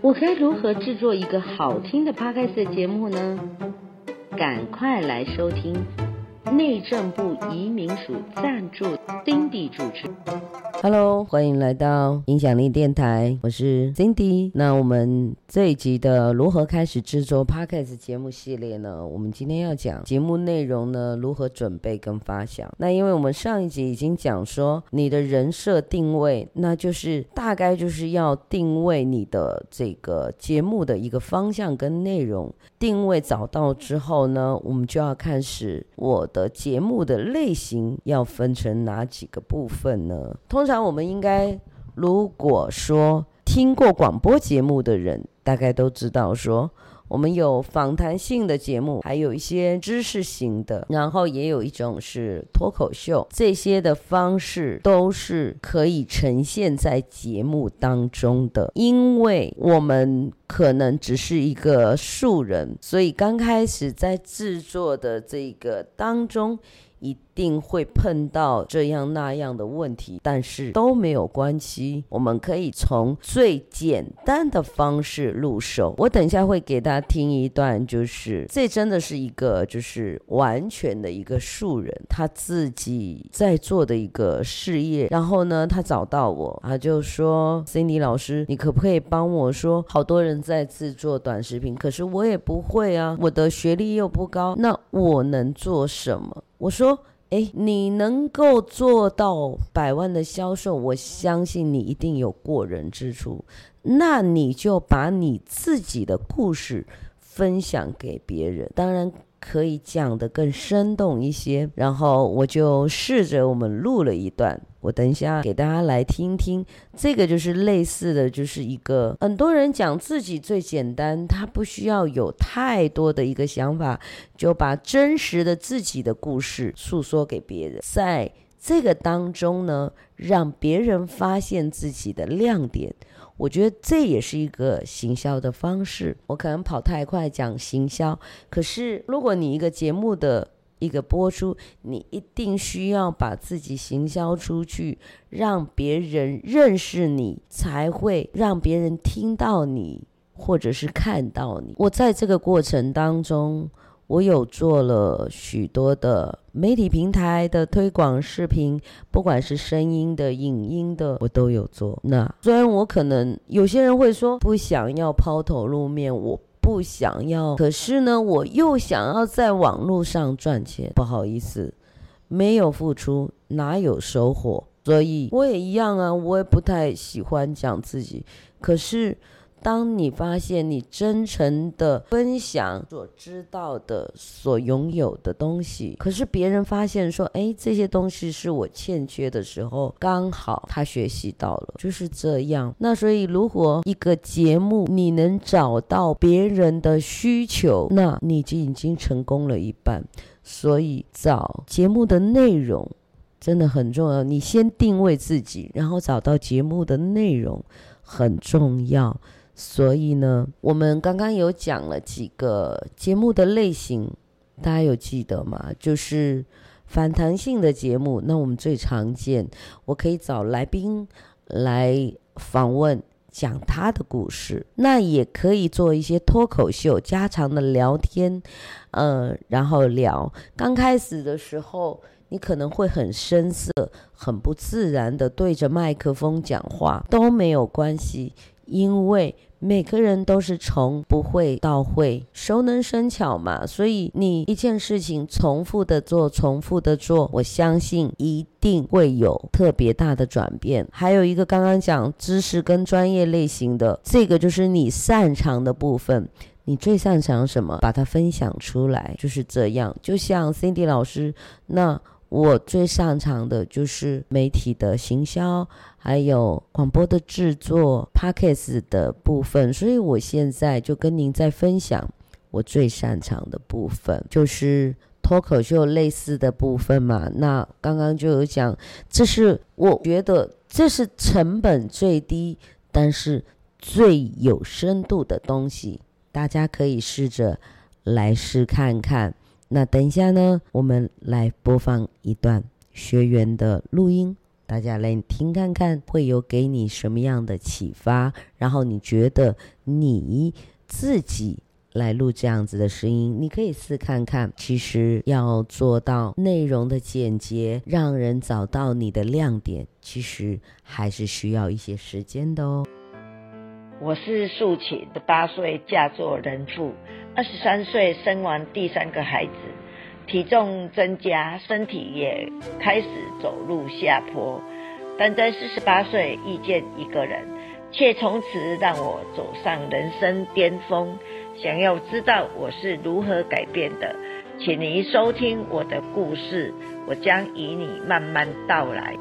我該如何製作一個好聽的 podcast 節目呢？趕快來收聽！內政部移民署贊助丁 i n d y 主持。Hello，歡迎來到影響力電台，我是 c i n d y，那我們這一集的如何開始製作 Podcast 節目系列呢？我們今天要講節目內容呢，如何準備跟發想。那因為我們上一集已經講說，你的人設定位，那就是大概就是要定位你的這個節目的一個方向跟內容。定位找到之後呢，我們就要開始我。節目的類型要分成哪幾個部分呢？通常我們應該，如果說聽過廣播節目的人，大概都知道說。我們有訪談性的節目，還有一些知識型的，然後也有一種是脫口秀，這些的方式都是可以呈現在節目當中的。因為我們可能只是一個素人，所以剛開始在制作的這個當中。一定會碰到這樣那樣的問題，但是都沒有關係。我們可以從最簡單的方式入手。我等一下會給大家聽一段，就是這真的是一個就是完全的一個素人，他自己在做的一個事業。然後呢，他找到我，他就說：“Cindy 老師，你可不可以幫我說？好多人在製作短視頻，可是我也不會啊，我的學歷又不高，那我能做什麼？”我說：“誒，你能夠做到百萬的銷售，我相信你一定有過人之處。那你就把你自己的故事分享給別人，當然。”可以講得更生動一些，然後我就試着我們錄了一段，我等一下給大家來聽聽。這個就是類似的，就是一個很多人講自己最簡單，他不需要有太多的一個想法，就把真實的自己的故事訴說給別人，在這個當中呢，讓別人發現自己的亮點。我覺得這也是一個行銷的方式。我可能跑太快講行銷，可是如果你一個節目的一個播出，你一定需要把自己行銷出去，讓別人認識你，才會讓別人聽到你，或者是看到你。我在這個過程當中，我有做了許多的媒體平台的推廣視頻，不管是聲音的、影音的，我都有做。那雖然我可能有些人會說不想要拋頭露面，我不想要，可是呢，我又想要在網絡上賺錢。不好意思，沒有付出，哪有收穫？所以我也一樣啊，我也不太喜歡講自己，可是。當你發現你真誠的分享所知道的、所擁有的東西，可是別人發現說：“哎，這些東西是我欠缺的時候，剛好他學習到了。”就是這樣。那所以，如果一個節目你能找到別人的需求，那你就已經成功了一半。所以，找節目的內容真的很重要。你先定位自己，然後找到節目的內容很重要。所以呢，我們剛剛有講了幾個節目的類型，大家有記得嗎？就是反彈性的節目，那我們最常見，我可以找來賓來訪問，講他的故事，那也可以做一些脫口秀、家常的聊天，嗯、呃，然後聊。剛開始的時候，你可能會很生澀、很不自然地對着麥克風講話，都沒有關係，因為。每個人都是從不會到會，熟能生巧嘛。所以你一件事情重複的做，重複的做，我相信一定會有特別大的轉變。還有一個剛剛講知識跟專業類型的，這個就是你擅長的部分，你最擅長什麼？把它分享出來，就是這樣。就像 Cindy 老師那。我最擅長的就是媒體的行銷，還有廣播的制作、podcast 的部分，所以我現在就跟您在分享我最擅長的部分，就是脫口秀類似的部分嘛。那剛剛就有講，這是我覺得這是成本最低，但是最有深度的東西，大家可以試着來試看看。那等一下呢，我們來播放一段學員的錄音，大家來聽看看，會有給你什麼樣的啟發？然後你覺得你自己來錄這樣子的聲音，你可以試看看。其實要做到內容的簡潔，讓人找到你的亮點，其實還是需要一些時間的哦。我是素琴，八歲嫁作人婦。二十三歲生完第三個孩子，體重增加，身體也開始走入下坡。但在四十八歲遇見一個人，卻從此讓我走上人生巔峰。想要知道我是如何改變的，請您收聽我的故事，我將與你慢慢道來。